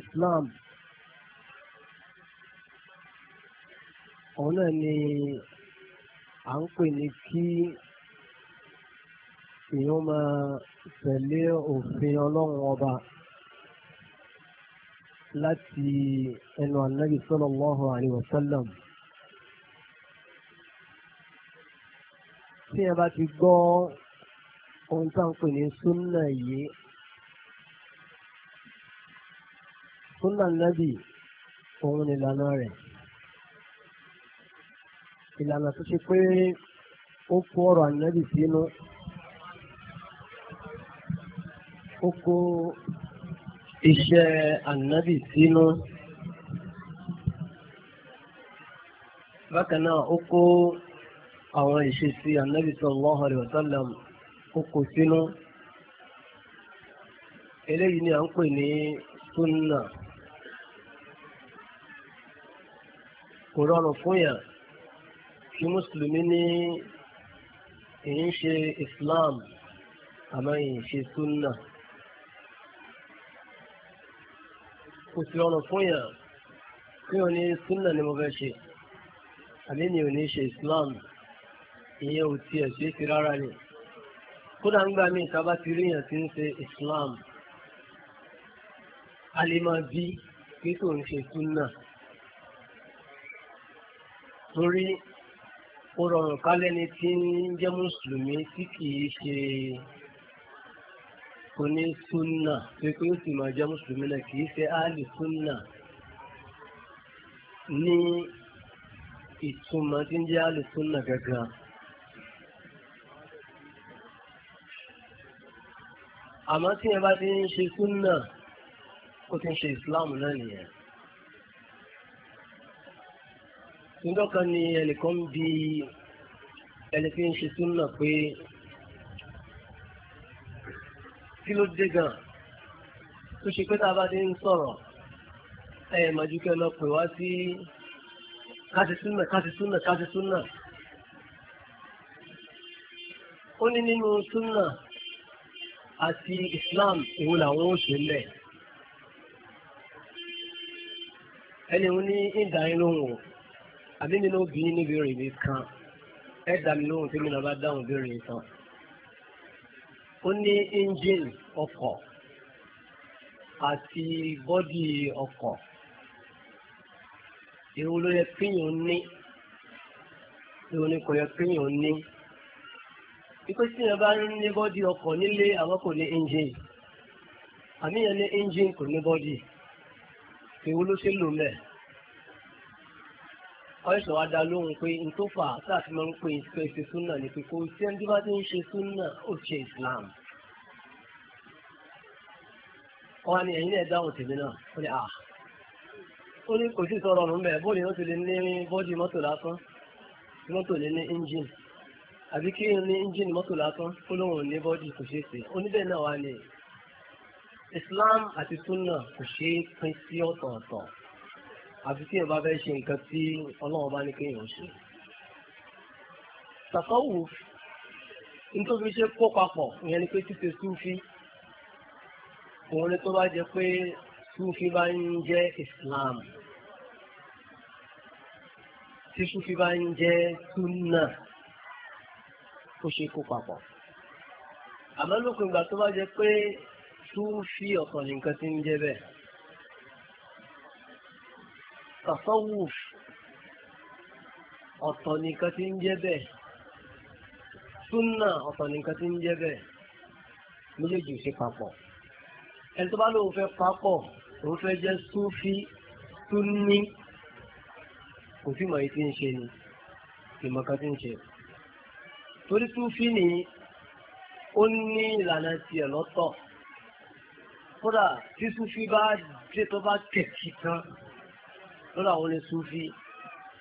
Islam òun náà ni à ń pè ní kí èèyàn máa tẹ̀lé òfin ọlọ́run ọba láti ẹnu ànábì sallallahu alaihi wasallam. tí ẹ bá ti gbọ́ ohun tá à ń pè ní súnnà yìí súnà nàbì òun ni ìlànà rẹ̀ ìlànà tó ṣe pé ó kó ọ̀rọ̀ ànábì sínú ó kó iṣẹ́ ànábì sínú bákan náà ó kó àwọn ìṣesí ànábì sallallahu alaihi ó kó sínú ni à ń pè ní kò rọrùn fún yàn kí mùsùlùmí ní èyí ń ṣe islam àmọ́ èyí ń ṣe sunna kò sí rọrùn fún yàn kí wọn ní sunna ni mo fẹ́ ṣe àmì ni ò ní ṣe islam ìyẹn ò tiẹ̀ ṣe é ti rárá ni kódà ń gbà mí ìtaba ti rí yàn tí ń ṣe islam a lè máa bí kí kò ń ṣe sunna torí ó rọrùn kálẹ́ni tí ń jẹ́ mùsùlùmí tí kìí ṣe onísúnà pé pé ó sì máa jẹ́ mùsùlùmí náà kìí ṣe áàlì súnà ní ìtumọ̀ tí ń jẹ́ áàlì súnà gangan. àmọ́ tí ẹ bá ti ń ṣe súnà ó ti ń ṣe ìsìláàmù náà nìyẹn. níjọ́ kan ni ẹnìkan bi ẹni tí ń ṣe súnà pé kí ló dé gan tó ṣe pé tá a bá ti ń sọ̀rọ̀ ẹ̀ màjúkẹ́ lọ pè wá sí káṣí súnà káṣí súnà káṣí súnà ó ní nínú súnà àti Islam òun làwọn ó ṣe lẹ̀ ẹni òun ní ìdáyìn àbí mi náà bí níbi rè mí kan ẹ dà mí lóhùn tí mi náà bá dáhùn bí rè mí tán. ó ní engine ọkọ̀ àti bọ́dì ọkọ̀ èwo ló yẹ kéèyàn ní èwo ni kò yẹ kéèyàn ní ikú tí yẹn bá ní bọ́dì ọkọ̀ nílé àwọn kò ní engine àmì yẹn ní engine kò ní bọ́dì èwo ló ṣe lò mẹ́ẹ̀ ọ̀ṣọ́ wa dá lóhùn pé n tó fà á sáàfì máa ń pè é ṣe súnà ní pé kò sí ẹni tó bá ti ń ṣe súnà ó ṣe Islam. wọ́n á ní ẹ̀yin náà dáhùn tèmi náà ó ní à ó ní kò sí sọ̀rọ̀ ọ̀run bẹ́ẹ̀ bóyá ó ti lè ní bọ́dì mọ́tò lásán mọ́tò lè ní engine àbí kí n ní engine mọ́tò lásán ó lóun ní bọ́dì kò ṣeé ṣe oníbẹ̀ náà wà ní Islam àti súnà kò ṣeé pín sí ọ̀tọ̀ọ̀tọ̀ àfi tí ẹ bá fẹ́ ṣe nǹkan tí ọlọ́run bá ní kéèyàn ṣe. tàfáwù nítorí ṣe kó papọ̀ ìyẹn ni pé títẹ súfì òun ni tó bá jẹ pé súfì bá ń jẹ́ Islam tí súfì bá ń jẹ́ súnà ó ṣe kó papọ̀. àmọ́ lókun ìgbà tó bá jẹ pé súfì ọ̀tọ̀ nìkan ti ń jẹ́ bẹ́ẹ̀ tasawuf ọ̀tọ̀ nìkan tí ń jẹ́ bẹ́ẹ̀ súnà ọ̀tọ̀ nìkan tí ń jẹ́ bẹ́ẹ̀ méjèèjì ṣe papọ̀ ẹni tó bá lóun fẹ́ papọ̀ òun fẹ́ jẹ́ súfí súnní kò sí màá tí ń ṣe ni ìmọ̀ kan tí ń ṣe torí súfí ni ó ní ìlànà tiẹ̀ lọ́tọ̀ kódà tí súfí bá dé tó bá tẹ̀kì kan lọ́dọ̀ àwọn oníṣúfì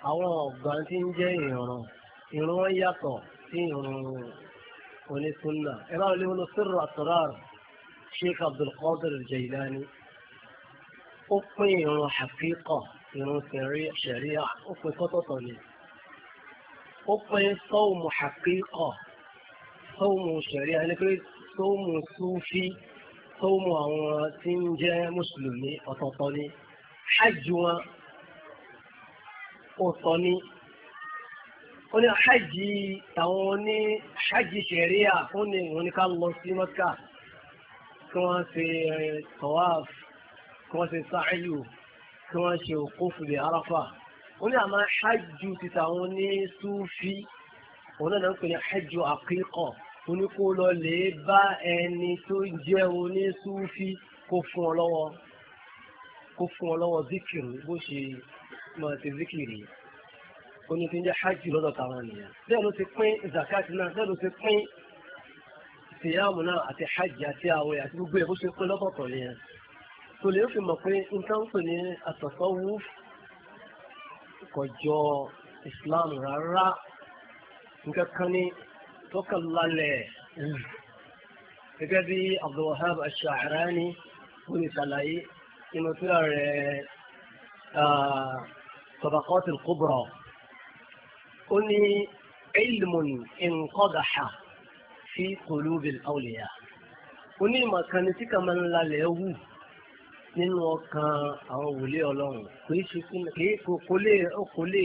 àwọn ọ̀gá tí ń jẹ́ ìrùn ìrùn wọn yàtọ̀ sí ìrùn oníṣúnà ẹ bá wọlé wọn sírò àtọ́rọ̀ sheikh abdulkadir jailani ó pín ìrùn àfíkọ ìrùn sẹríà ó pín kọ́tọ̀tọ̀ ni ó pín sọ́ọ̀mù àfíkọ sọ́ọ̀mù sẹríà ẹni pé sọ́ọ̀mù súfì sọ́ọ̀mù àwọn tí ń jẹ́ mùsùlùmí ọ̀tọ̀ọ̀tọ̀ ni hajj wọn òsọ ni ó ní hajji àwọn oní hajji ṣẹ̀ríà ó ní ìwọ̀n ní ká lọ sí mọ́kà kí wọ́n ṣe eh, tawaf kí wọ́n ṣe sáàyù kí wọ́n ṣe òkúfù lè arafa ó ní àmọ́ hajju ti tàwọn ní súfì òun náà ń pè ní hajju àkíkọ̀ ó ní kó lọ lè bá ẹni tó jẹ́ oní súfì kó fún ọ lọ́wọ́ kó fún ọ lọ́wọ́ zikiru bó ṣe máa ṣe zikiri oní tí ń jẹ́ hajj lọ́dọ̀ táwọn ènìyàn bẹ́ẹ̀ ló ti pín zakat náà bẹ́ẹ̀ ló ti pín siyamu náà àti hajj àti àwẹ̀ àti gbogbo ẹ̀ bó ṣe pín lọ́tọ̀ọ̀tọ̀ nìyẹn kò lè fi mọ̀ pé nǹkan pè ní at kò jọ islam rárá nǹkan kan ní tọ́kànlálẹ̀ gẹ́gẹ́ bí abdulwahab ash-sha'rani wọ́n ti ṣàlàyé inú tíra rẹ̀ ah, الطبقات الكبرى أني علم انقضح في قلوب الأولياء أني ما كانتك من لا ليهو من ọkàn àwọn wòlé ọlọ́run kò í ṣe kí kò